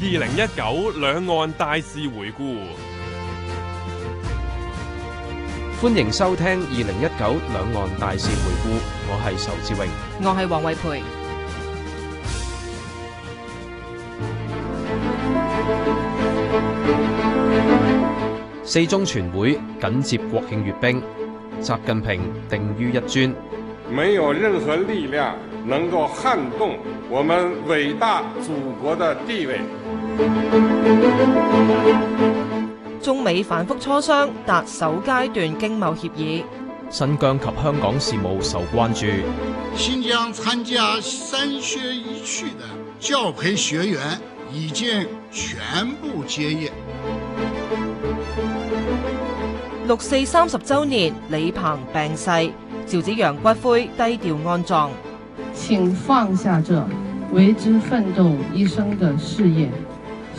二零一九兩岸大事回顧，歡迎收聽二零一九兩岸大事回顧，我係仇志榮，我係黃偉培。四中全會緊接國慶閱兵，習近平定於一尊。沒有任何力量能夠撼動我們偉大祖國的地位。中美反復磋商達首階段經貿協議，新疆及香港事務受關注。新疆參加三學一去的教培學員已經全部結業。六四三十週年，李鵬病逝，趙紫陽骨灰低調安葬。請放下這為之奮鬥一生的事業。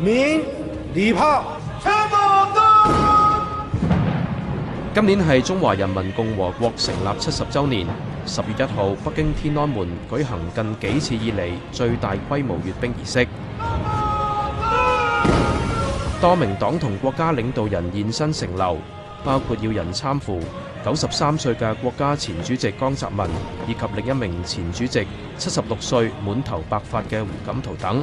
鳴禮炮，唱國歌。今年係中華人民共和國成立七十週年，十月一號，北京天安門舉行近幾次以嚟最大規模閱兵儀式。多名黨同國家領導人現身城樓，包括要人攙扶九十三歲嘅國家前主席江澤民，以及另一名前主席七十六歲滿頭白髮嘅胡錦濤等。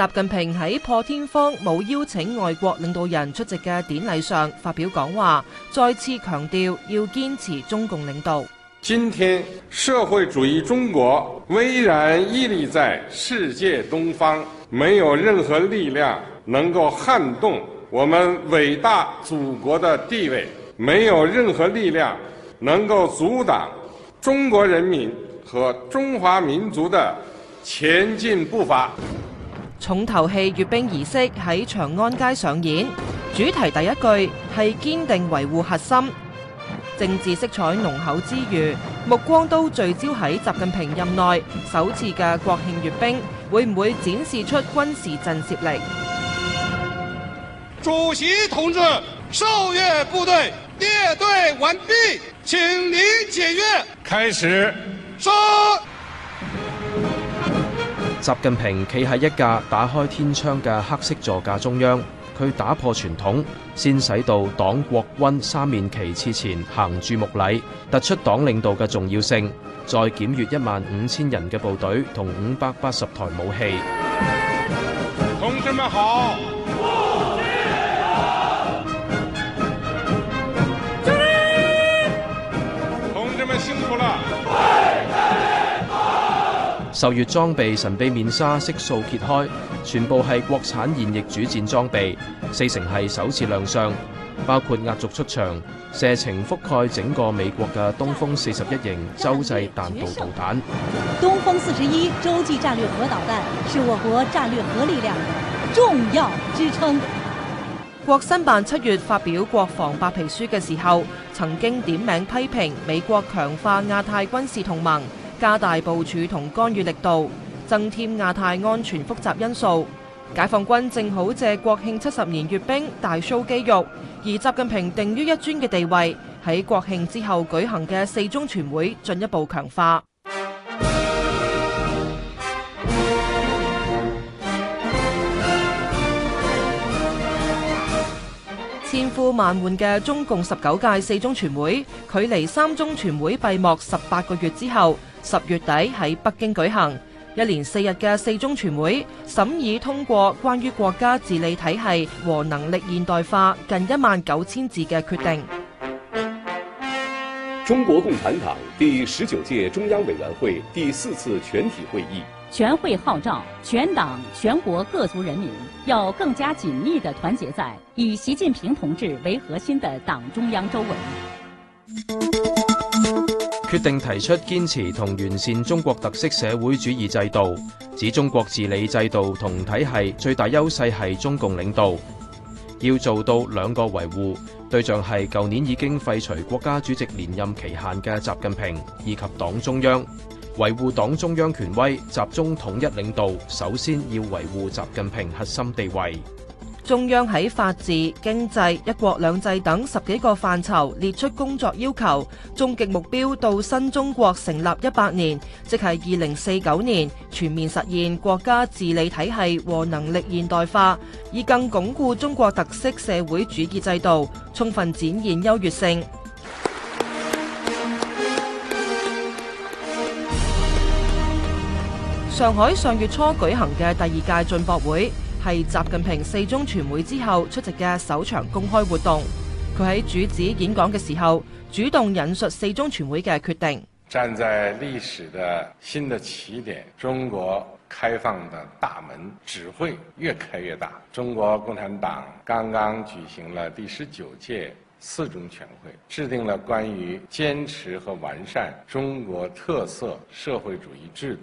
習近平喺破天荒冇邀請外國領導人出席嘅典禮上發表講話，再次強調要堅持中共領導。今天，社會主義中國巍然屹立在世界東方，沒有任何力量能夠撼動我們偉大祖國的地位，沒有任何力量能夠阻擋中國人民和中華民族的前進步伐。重頭戲閱兵儀式喺長安街上演，主題第一句係堅定維護核心，政治色彩濃厚之餘，目光都聚焦喺習近平任內首次嘅國慶閱兵，會唔會展示出軍事震懾力？主席同志，受閱部隊列隊完畢，請您檢閱，開始，升。習近平企喺一架打開天窗嘅黑色座駕中央，佢打破傳統，先駛到黨國軍三面旗幟前行注目禮，突出黨領導嘅重要性，再檢閱一萬五千人嘅部隊同五百八十台武器。同志們好！受閱裝備神秘面紗，悉數揭開，全部係國產現役主戰裝備，四成係首次亮相，包括壓軸出場、射程覆蓋整個美國嘅東風四十一型洲際彈道導彈。東風四十一洲際戰略核導彈是我國戰略核力量的重要支撐。國新辦七月發表國防白皮書嘅時候，曾經點名批評美國強化亞太軍事同盟。加大部署同干預力度，增添亞太安全複雜因素。解放軍正好借國慶七十年閱兵大秀肌肉，而習近平定於一尊嘅地位喺國慶之後舉行嘅四中全會進一步強化。千呼萬喚嘅中共十九屆四中全會，距離三中全會閉幕十八個月之後。十月底喺北京舉行一連四日嘅四中全會，審議通過關於國家治理體系和能力現代化近一萬九千字嘅決定。中國共產黨第十九屆中央委員會第四次全體會議。全會號召全黨，全黨全國各族人民要更加緊密地團結在以習近平同志為核心的黨中央周圍。決定提出堅持同完善中國特色社會主義制度，指中國治理制度同體系最大優勢係中共領導，要做到兩個維護，對象係舊年已經廢除國家主席連任期限嘅習近平以及黨中央，維護黨中央權威、集中統一領導，首先要維護習近平核心地位。中央喺法治、經濟、一國兩制等十幾個範疇列出工作要求，終極目標到新中國成立一百年，即係二零四九年，全面實現國家治理體系和能力現代化，以更鞏固中國特色社會主義制度，充分展現優越性。上海上月初舉行嘅第二屆進博會，係習近平四中全會之後出席嘅首場公開活動，佢喺主旨演講嘅時候主動引述四中全會嘅決定。站在歷史的新的起點，中國開放的大門只會越開越大。中國共產黨剛剛舉行了第十九屆四中全會，制定了關於堅持和完善中國特色社會主義制度，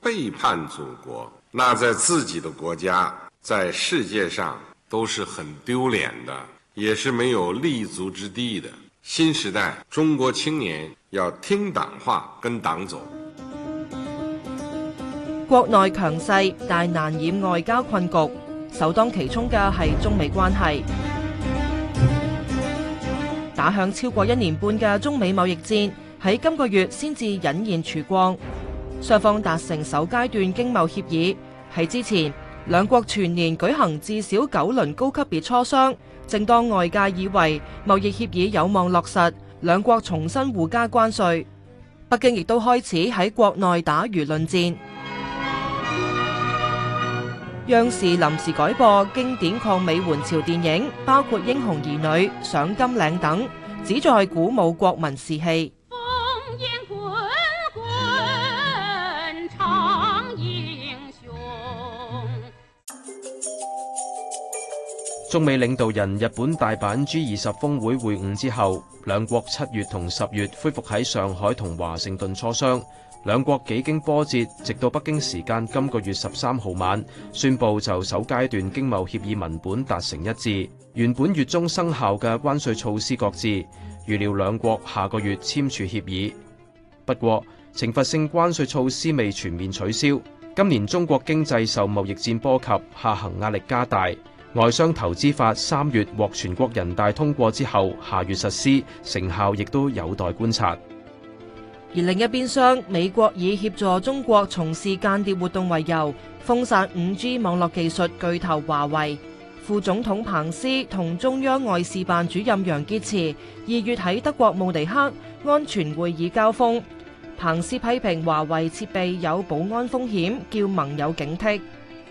背叛祖國，那在自己的國家，在世界上都是很丟臉的，也是沒有立足之地的。新時代中國青年要聽黨話，跟黨走。國內強勢，但難掩外交困局，首當其衝嘅係中美關係。打響超過一年半嘅中美貿易戰，喺今個月先至隱現曙光。雙方達成首階段經貿協議。喺之前，兩國全年舉行至少九輪高級別磋商。正當外界以為貿易協議有望落實，兩國重新互加關稅，北京亦都開始喺國內打輿論戰。央視臨時改播經典抗美援朝電影，包括《英雄兒女》《上甘嶺》等，旨在鼓舞國民士氣。中美領導人日本大阪 G 二十峰會會晤之後，兩國七月同十月恢復喺上海同華盛頓磋商。兩國幾經波折，直到北京時間今個月十三號晚，宣布就首階段經貿協議文本達成一致。原本月中生效嘅關稅措施擱置，預料兩國下個月簽署協議。不過，懲罰性關稅措施未全面取消。今年中國經濟受貿易戰波及，下行壓力加大。外商投資法三月獲全國人大通過之後，下月實施，成效亦都有待觀察。而另一邊廂，美國以協助中國從事間諜活動為由，封殺五 G 網絡技術巨頭華為。副總統彭斯同中央外事辦主任楊潔篪二月喺德國慕尼黑安全會議交鋒，彭斯批評華為設備有保安風險，叫盟友警惕。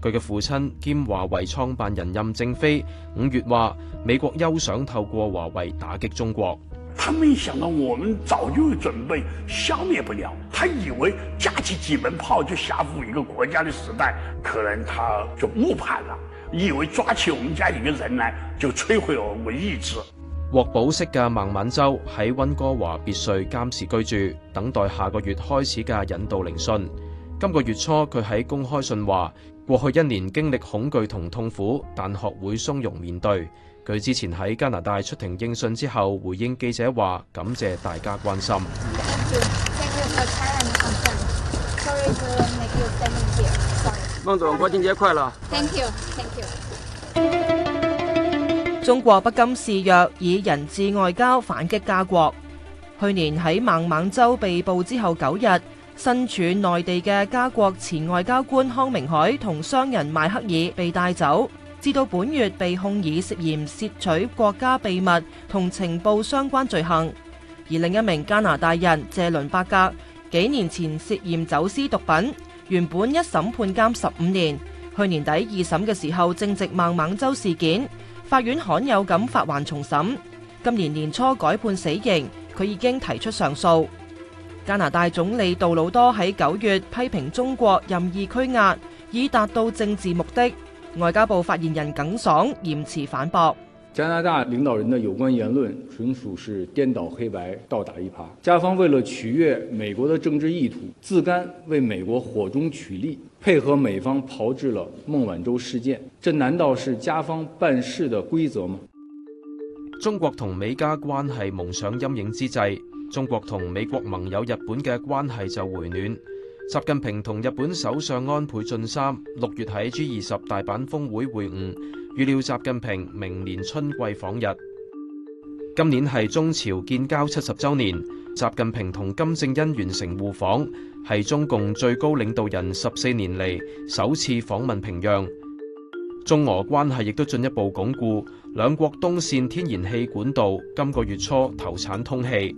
佢嘅父親兼華為創辦人任正非五月話：美國休想透過華為打擊中國。他沒想到我們早就準備，消滅不了。他以為架起幾門炮就嚇唬一個國家嘅時代，可能他就誤判了，以為抓起我們家一個人來就摧毀我哋意志。獲保釋嘅孟晚舟喺溫哥華別墅監視居住，等待下個月開始嘅引渡聆訊。今個月初，佢喺公開信話：過去一年經歷恐懼同痛苦，但學會從容面對。佢之前喺加拿大出庭應訊之後，回應記者話：感謝大家關心。幫我做過天姐規啦。Thank you, thank you。中國不甘示弱，以人質外交反擊加國。去年喺孟晚舟被捕之後九日。身處內地嘅加國前外交官康明凱同商人邁克爾被帶走，至到本月被控以涉嫌竊取國家秘密同情報相關罪行。而另一名加拿大人謝倫伯格幾年前涉嫌走私毒品，原本一審判監十五年，去年底二審嘅時候正值孟晚舟事件，法院罕有咁發還重審。今年年初改判死刑，佢已經提出上訴。加拿大總理杜魯多喺九月批評中國任意拘押以達到政治目的，外交部發言人耿爽嚴詞反駁：加拿大領導人的有關言論純屬是顛倒黑白、倒打一耙。加方為了取悅美國的政治意圖，自甘為美國火中取栗，配合美方炮製了孟晚舟事件。這難道是加方辦事的規則嗎？中國同美加關係蒙上陰影之際。中國同美國盟友日本嘅關係就回暖。習近平同日本首相安倍晉三六月喺 G 二十大阪峰會會晤，預料習近平明年春季訪日。今年係中朝建交七十週年，習近平同金正恩完成互訪，係中共最高領導人十四年嚟首次訪問平壤。中俄關係亦都進一步鞏固。兩國東線天然氣管道今個月初投產通氣。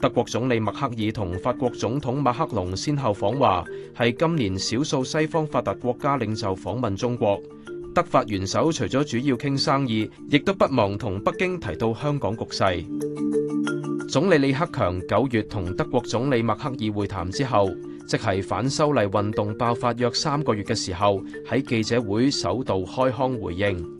德國總理默克爾同法國總統馬克龍先後訪華，係今年少數西方發達國家領袖訪問中國。德法元首除咗主要傾生意，亦都不忘同北京提到香港局勢。總理李克強九月同德國總理默克爾會談之後，即係反修例運動爆發約三個月嘅時候，喺記者會首度開腔回應。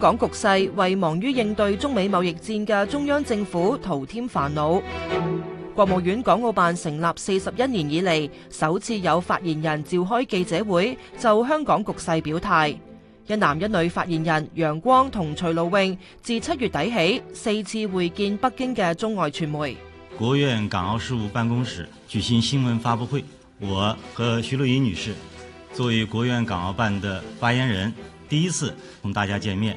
港局勢為忙於應對中美貿易戰嘅中央政府徒添煩惱。國務院港澳辦成立四十一年以嚟，首次有發言人召開記者會就香港局勢表態。一男一女發言人楊光同徐露穎，自七月底起四次會見北京嘅中外傳媒。國院港澳事務辦公室舉行新聞發布會，我和徐露穎女士作為國院港澳辦的發言人，第一次同大家見面。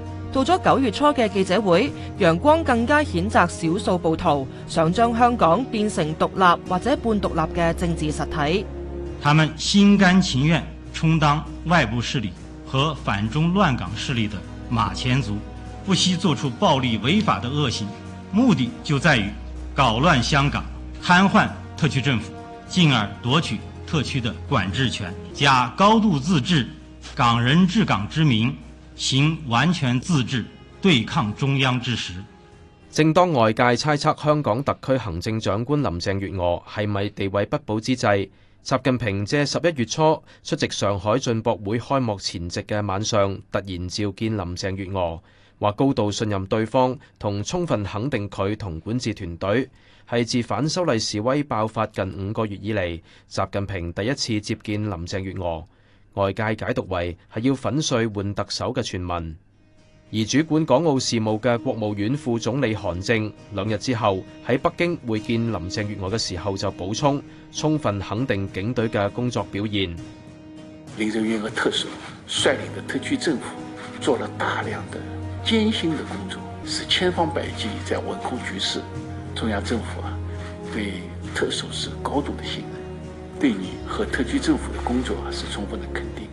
到咗九月初嘅記者會，陽光更加譴責少數暴徒，想將香港變成獨立或者半獨立嘅政治實體。他們心甘情願充當外部勢力和反中亂港勢力的馬前卒，不惜做出暴力違法的惡行，目的就在於搞亂香港、癱瘓特區政府，進而奪取特區的管制權，假高度自治、港人治港之名。行完全自治對抗中央之時，正當外界猜測香港特區行政長官林鄭月娥係咪地位不保之際，習近平借十一月初出席上海進博會開幕前夕嘅晚上，突然召見林鄭月娥，話高度信任對方同充分肯定佢同管治團隊，係自反修例示威爆發近五個月以嚟，習近平第一次接見林鄭月娥。外界解讀為係要粉碎換特首嘅傳聞，而主管港澳事務嘅國務院副總理韓正兩日之後，喺北京會見林鄭月娥嘅時候就補充，充分肯定警隊嘅工作表現。林鄭月娥特首，率領的特區政府做了大量的艱辛的工作，是千方百計在穩控局勢，中央政府啊，對特首是高度的信任。對你和特區政府的工作啊，是充分的肯定；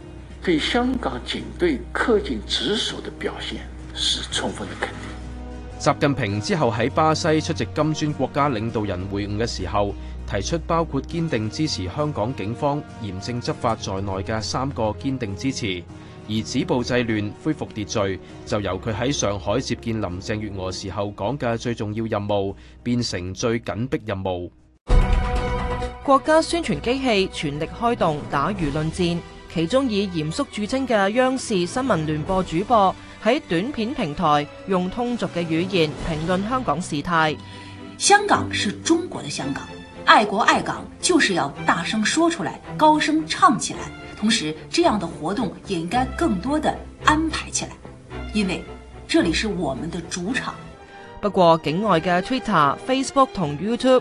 對香港警隊恪盡職守的表現，是充分的肯定。習近平之後喺巴西出席金磚國家領導人會晤嘅時候，提出包括堅定支持香港警方嚴正執法在內嘅三個堅定支持，而止暴制亂、恢復秩序就由佢喺上海接見林鄭月娥時候講嘅最重要任務，變成最緊迫任務。國家宣傳機器全力開動打輿論戰，其中以嚴肅著稱嘅央視新聞聯播主播喺短片平台用通俗嘅語言評論香港事態。香港是中國的香港，愛國愛港就是要大聲說出來，高聲唱起來。同時，這樣的活動也應該更多地安排起來，因為這裏是我們的主場。嗯。不過，境外嘅 Twitter、Facebook 同 YouTube。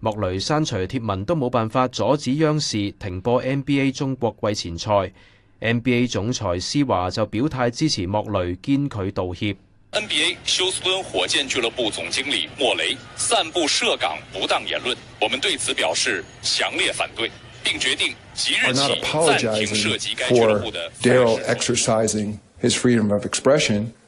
莫雷刪除貼文都冇辦法阻止央視停播 NBA 中國季前賽，NBA 總裁施華就表態支持莫雷堅拒道歉。NBA 休斯敦火箭俱樂部總經理莫雷散佈涉港不當言論，我們對此表示強烈反對，並決定即日起暫停涉及該俱樂部的董事會會議。I'm not apologizing for Daryl exercising his freedom of expression.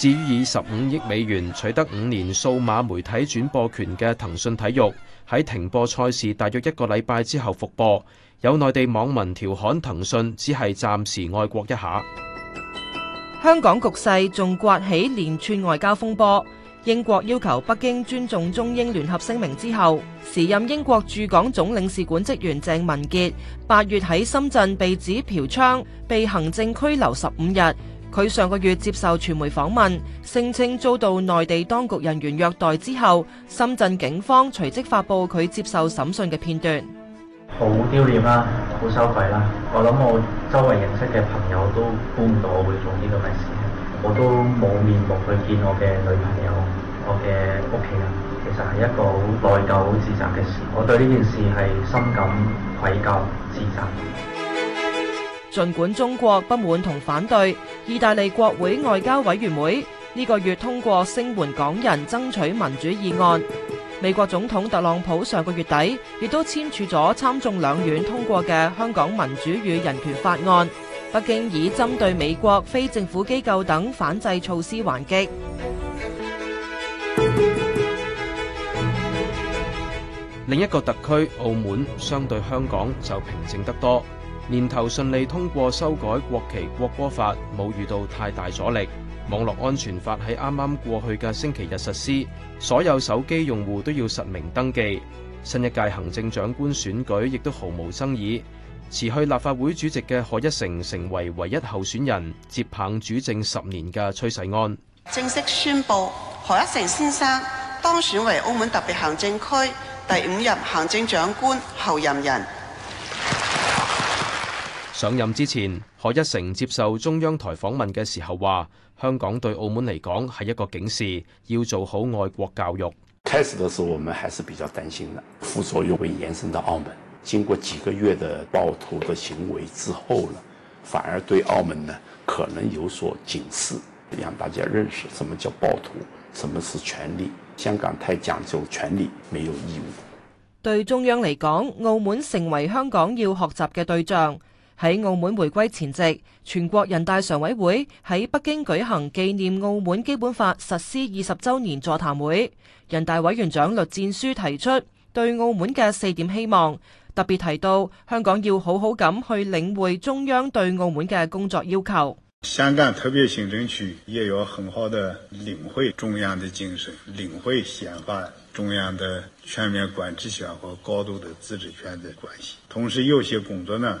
至於以十五億美元取得五年數碼媒體轉播權嘅騰訊體育，喺停播賽事大約一個禮拜之後復播，有內地網民調侃騰訊只係暫時愛國一下。香港局勢仲刮起連串外交風波，英國要求北京尊重中英聯合聲明之後，時任英國駐港總領事館職員鄭文傑八月喺深圳被指嫖娼，被行政拘留十五日。佢上個月接受傳媒訪問，聲稱遭到內地當局人員虐待之後，深圳警方隨即發布佢接受審訊嘅片段。好丟臉啦，好羞愧啦！我諗我周圍認識嘅朋友都估唔到我會做呢個咩事，我都冇面目去見我嘅女朋友、我嘅屋企人。其實係一個好內疚、好自責嘅事，我對呢件事係深感愧疚、自責。盡管中國不滿同反對，意大利國會外交委員會呢個月通過聲援港人爭取民主議案。美國總統特朗普上個月底亦都簽署咗參眾兩院通過嘅香港民主與人權法案。北京以針對美國非政府機構等反制措施還擊。另一個特區澳門相對香港就平靜得多。年頭順利通過修改國旗國歌法，冇遇到太大阻力。網絡安全法喺啱啱過去嘅星期日實施，所有手機用戶都要實名登記。新一屆行政長官選舉亦都毫無爭議，辭去立法會主席嘅賀一誠成為唯一候選人，接棒主政十年嘅崔世安正式宣布賀一誠先生當選為澳門特別行政區第五任行政長官候任人。上任之前，何一成接受中央台訪問嘅時候話，香港對澳門嚟講係一個警示，要做好愛國教育。開始嘅時候，我們還是比較擔心嘅，副作用會延伸到澳門。經過幾個月的暴徒嘅行為之後呢，反而對澳門呢可能有所警示，讓大家認識什麼叫暴徒，什麼是權利。香港太講究權利，沒有義務。對中央嚟講，澳門成為香港要學習嘅對象。喺澳門回歸前夕，全國人大常委會喺北京舉行紀念澳門基本法實施二十週年座談會。人大委員長栗戰書提出對澳門嘅四點希望，特別提到香港要好好咁去領會中央對澳門嘅工作要求。香港特別行政區也要很好的領會中央的精神，領會憲法中央的全面管治權和高度的自治權的關係。同時有些工作呢，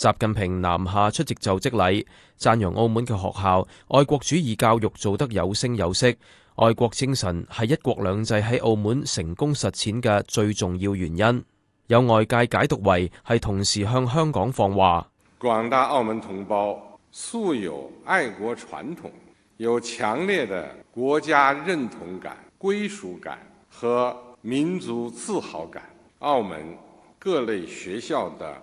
習近平南下出席就職禮，讚揚澳門嘅學校愛國主義教育做得有聲有色，愛國精神係一國兩制喺澳門成功實踐嘅最重要原因。有外界解讀為係同時向香港放話。廣大澳門同胞素有愛國傳統，有強烈的國家認同感、歸屬感和民族自豪感。澳門各類學校的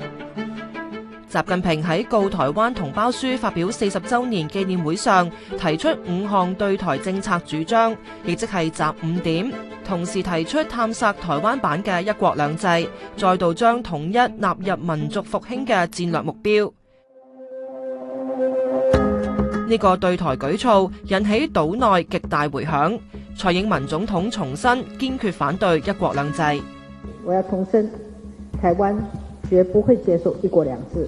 習近平喺告台灣同胞書發表四十周年紀念會上，提出五項對台政策主張，亦即係集五點，同時提出探索台灣版嘅一國兩制，再度將統一納入民族復興嘅戰略目標。呢個對台舉措引起島內極大回響，蔡英文總統重申堅決反對一國兩制。我要重申，台灣絕不會接受一國兩制。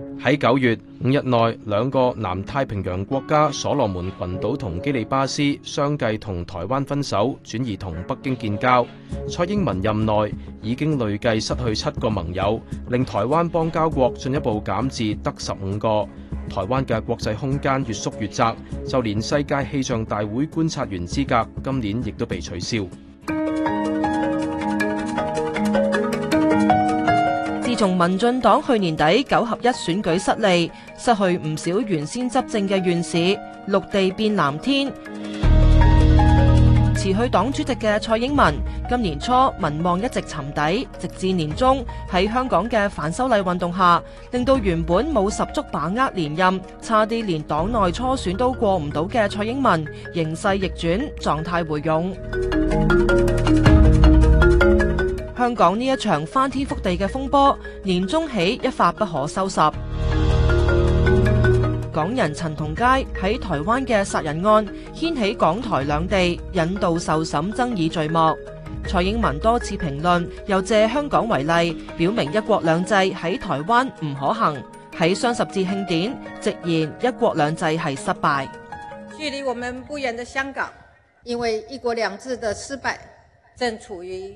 喺九月五日內，兩個南太平洋國家所羅門群島同基里巴斯相繼同台灣分手，轉移同北京建交。蔡英文任內已經累計失去七個盟友，令台灣邦交國進一步減至得十五個。台灣嘅國際空間越縮越窄，就連世界氣象大會觀察員資格今年亦都被取消。從民進黨去年底九合一選舉失利，失去唔少原先執政嘅縣市，綠地變藍天。辭 去黨主席嘅蔡英文，今年初民望一直沉底，直至年終喺香港嘅反修例運動下，令到原本冇十足把握連任，差啲連黨內初選都過唔到嘅蔡英文，形勢逆轉，狀態回勇。 香港呢一場翻天覆地嘅風波，年中起一發不可收拾。港人陳同佳喺台灣嘅殺人案，掀起港台兩地引渡受審爭議序幕。蔡英文多次評論，又借香港為例，表明一國兩制喺台灣唔可行。喺雙十節慶典，直言一國兩制係失敗。距離我們不遠的香港，因為一國兩制的失敗，正處於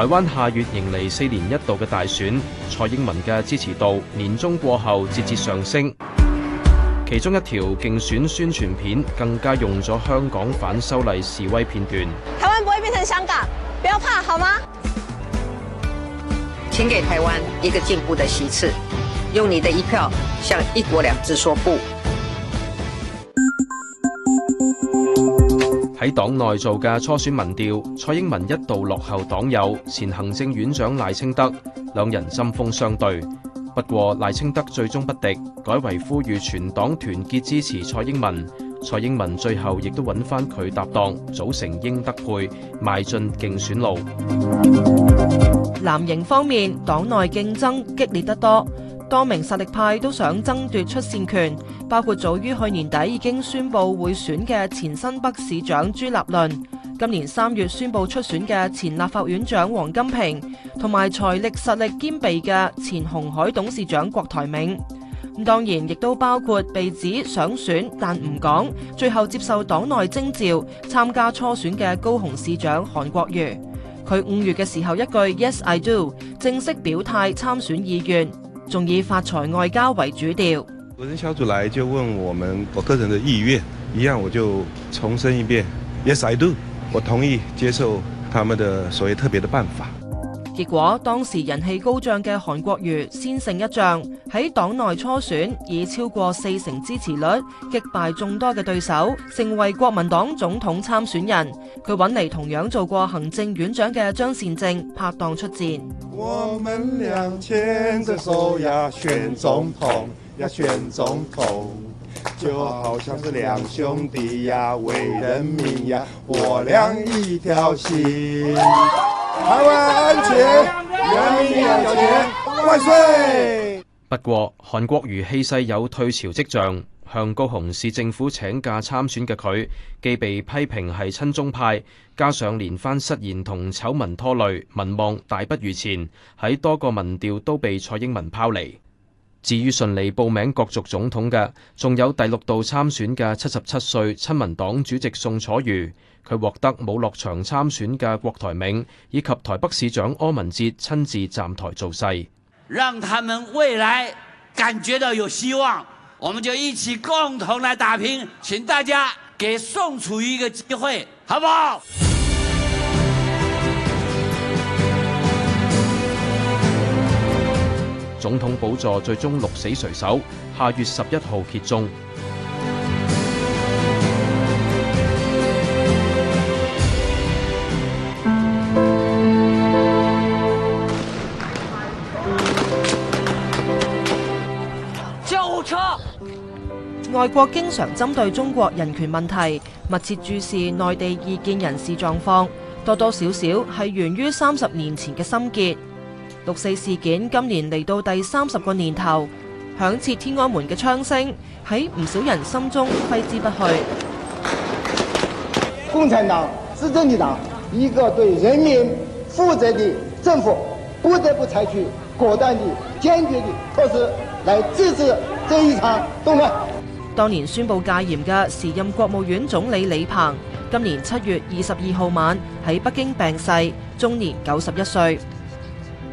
台灣下月迎嚟四年一度嘅大選，蔡英文嘅支持度年終過後節節上升，其中一條競選宣傳片更加用咗香港反修例示威片段。台灣不會變成香港，不要怕，好嗎？請給台灣一個進步的席次，用你的一票向一國兩制說不。喺黨內做嘅初選民調，蔡英文一度落後黨友，前行政院長賴清德，兩人針鋒相對。不過賴清德最終不敵，改為呼籲全黨團結支持蔡英文。蔡英文最後亦都揾翻佢搭檔，組成英德配，邁進競選路。藍營方面，黨內競爭激烈得多。多名實力派都想爭奪出線權，包括早於去年底已經宣佈會選嘅前新北市長朱立倫，今年三月宣佈出選嘅前立法院長王金平，同埋財力實力兼備嘅前鴻海董事長郭台銘。當然亦都包括被指想選但唔講，最後接受黨內徵召參加初選嘅高雄市長韓國瑜。佢五月嘅時候一句 “Yes, I do”，正式表態參選意願。仲以發財外交為主調，個人小組來就問我們，我個人的意願一樣，我就重申一遍：Yes I do，我同意接受他們的所謂特別的辦法。結果當時人氣高漲嘅韓國瑜先勝一仗，喺黨內初選以超過四成支持率，擊敗眾多嘅對手，成為國民黨總統參選人。佢揾嚟同樣做過行政院長嘅張善政拍檔出戰。我們倆牽着手呀，選總統呀，選總統。就好像是兩兄弟呀，為人民呀，我倆一條心。台灣安全，人民安，安，安，安全，萬歲！不過，韓國瑜氣勢有退潮跡象。向高雄市政府請假參選嘅，佢既被批評係親中派，加上連番失言同醜聞拖累，民望大不如前，喺多個民調都被蔡英文拋離。至於順利報名角逐總統嘅，仲有第六度參選嘅七十七歲親民黨主席宋楚瑜，佢獲得冇落場參選嘅郭台銘，以及台北市長柯文哲親自站台造勢，讓他們未來感覺到有希望，我們就一起共同來打拼。請大家給宋楚瑜一個機會，好不好？總統寶座最終鹿死誰手，下月十一號揭盅。救護車。外國經常針對中國人權問題，密切注視內地異見人士狀況，多多少少係源於三十年前嘅心結。六四事件今年嚟到第三十個年頭，響徹天安門嘅槍聲喺唔少人心中揮之不去。共產黨是執政的黨，一個對人民負責的政府，不得不採取果斷的、堅決的措施來制止這一場動亂。當年宣布戒嚴嘅時任國務院總理李鵬，今年七月二十二號晚喺北京病逝，終年九十一歲。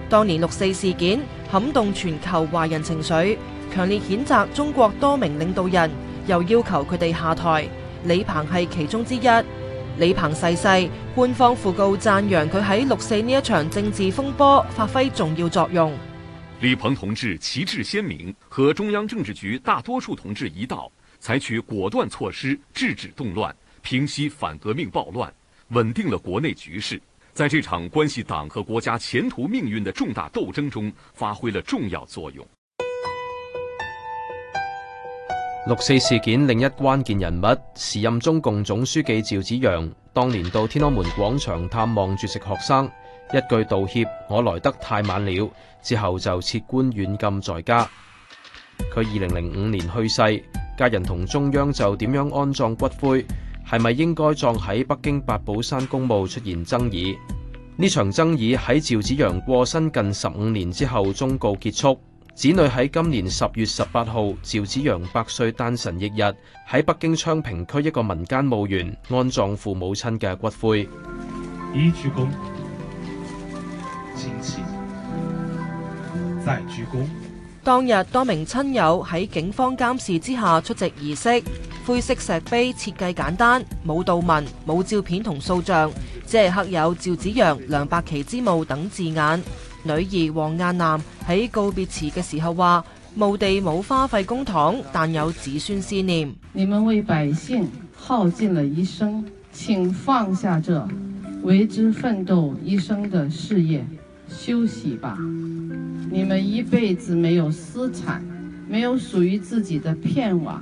當年六四事件撼動全球華人情緒，強烈譴責中國多名領導人，又要求佢哋下台。李鵬係其中之一。李鵬逝世，世，官方訃告讚揚佢喺六四呢一場政治風波發揮重要作用。李鵬同志旗幟鮮明，和中央政治局大多數同志一道，採取果斷措施制止動亂，平息反革命暴亂，穩定了國內局勢。在這場關係黨和國家前途命運的重大鬥爭中，發揮了重要作用。六四事件另一關鍵人物，時任中共總書記趙紫陽，當年到天安門廣場探望絕食學生，一句道歉：我來得太晚了。之後就撤官軟禁在家。佢二零零五年去世，家人同中央就點樣安葬骨灰？係咪應該葬喺北京八寶山公墓，出現爭議？呢場爭議喺趙紫陽過身近十五年之後終告結束。子女喺今年十月十八號，趙紫陽百歲誕辰翌日，喺北京昌平區一個民間墓園安葬父母親嘅骨灰。一鞠躬，敬起，再鞠躬。前前在主公」，當日多名親友喺警方監視之下出席儀式。灰色石碑設計簡單，冇悼文、冇照片同塑像，只係刻有趙紫陽、梁伯琪之墓等字眼。女兒王雁南喺告別詞嘅時候話：墓地冇花費公帑，但有子孫思念。你們為百姓耗盡了一生，請放下這為之奮鬥一生的事業，休息吧。你們一輩子沒有私產，沒有屬於自己的片瓦。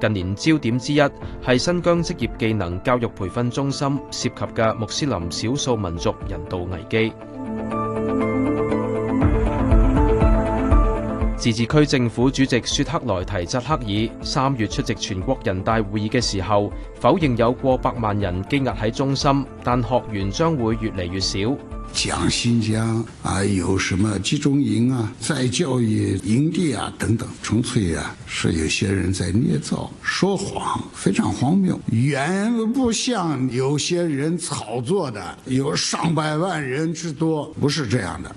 近年焦點之一，係新疆職業技能教育培訓中心涉及嘅穆斯林少數民族人道危機。自治區政府主席雪克來提扎克爾三月出席全國人大會議嘅時候，否認有過百萬人羈押喺中心，但學員將會越嚟越少。講新疆啊，有什麼集中營啊、再教育營地啊等等，純粹啊是有些人在捏造、說謊，非常荒謬。遠不像有些人炒作的有上百萬人之多，不是這樣的。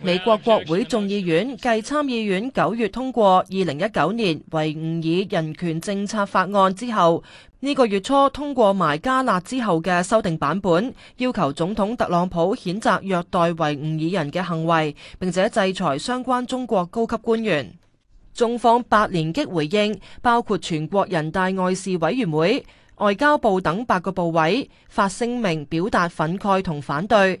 美國國會眾議院繼參議院九月通過二零一九年維吾爾人權政策法案之後，呢、這個月初通過埋加納之後嘅修訂版本，要求總統特朗普譴責虐待維吾爾人嘅行為，並且制裁相關中國高級官員。中方八連擊回應，包括全國人大外事委員會、外交部等八個部委發聲明表達憤慨同反對。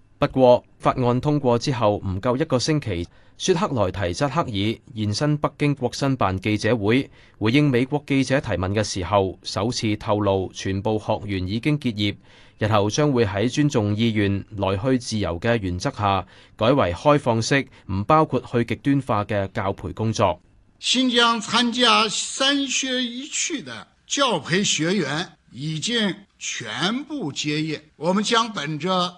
不過，法案通過之後唔夠一個星期，雪克來提扎克爾現身北京國新辦記者會，回應美國記者提問嘅時候，首次透露全部學員已經結業，日後將會喺尊重意願、來去自由嘅原則下，改為開放式，唔包括去極端化嘅教培工作。新疆參加三學一去的教培學員已經全部結業，我們將本着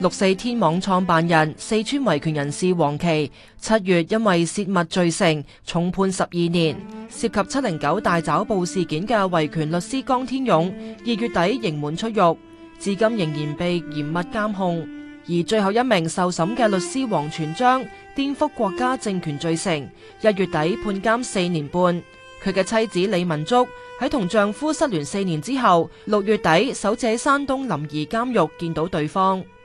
六四天網創辦人、四川維權人士黃琦，七月因為洩密罪成，重判十二年；涉及七零九大抓捕事件嘅維權律師江天勇，二月底刑滿出獄，至今仍然被嚴密監控。而最後一名受審嘅律師王全璋，顛覆國家政權罪成，一月底判監四年半。佢嘅妻子李文竹喺同丈夫失聯四年之後，六月底首者山東臨沂監獄見到對方。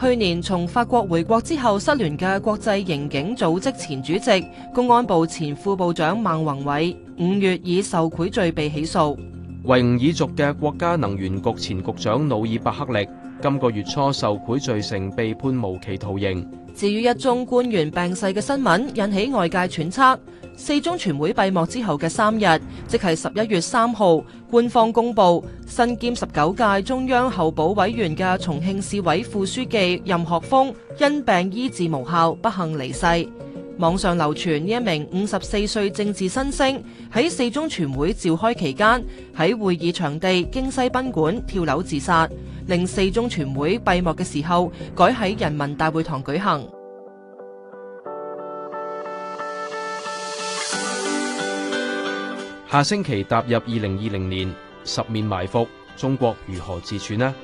去年從法國回國之後失聯嘅國際刑警組織前主席、公安部前副部長孟宏偉，五月以受賄罪被起訴；維吾爾族嘅國家能源局前局長努爾白克力，今個月初受賄罪成，被判無期徒刑。至於一宗官員病逝嘅新聞引起外界揣測，四中全會閉幕之後嘅三日，即係十一月三號，官方公佈身兼十九屆中央候補委員嘅重慶市委副書記任學峰因病醫治無效不幸離世。網上流傳呢一名五十四歲政治新星喺四中全會召開期間喺會議場地京西賓館跳樓自殺。令四中全會閉幕嘅時候，改喺人民大會堂舉行。下星期踏入二零二零年，十面埋伏，中國如何自處呢？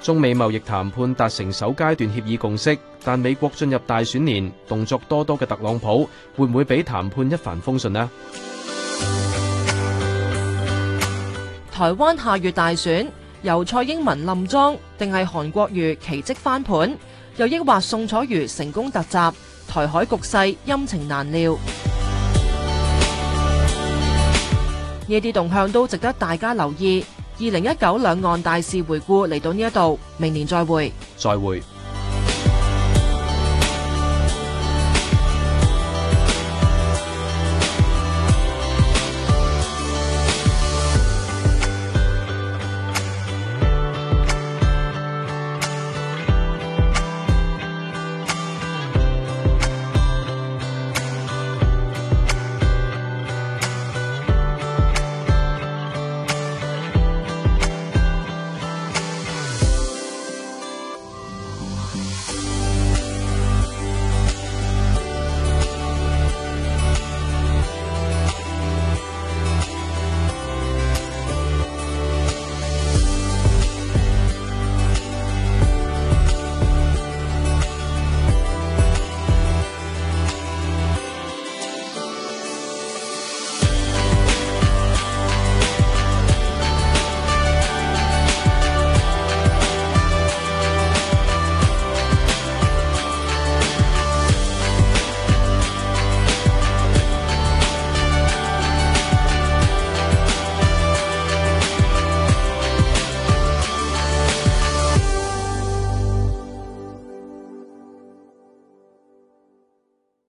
中美貿易談判達成首階段協議共識，但美國進入大選年，動作多多嘅特朗普會唔會俾談判一帆風順呢？台灣下月大選，由蔡英文冧莊定係韓國瑜奇跡翻盤，又抑或宋楚瑜成功突襲，台海局勢陰晴難料。呢啲 動向都值得大家留意。二零一九兩岸大事回顧嚟到呢一度，明年再會。再會。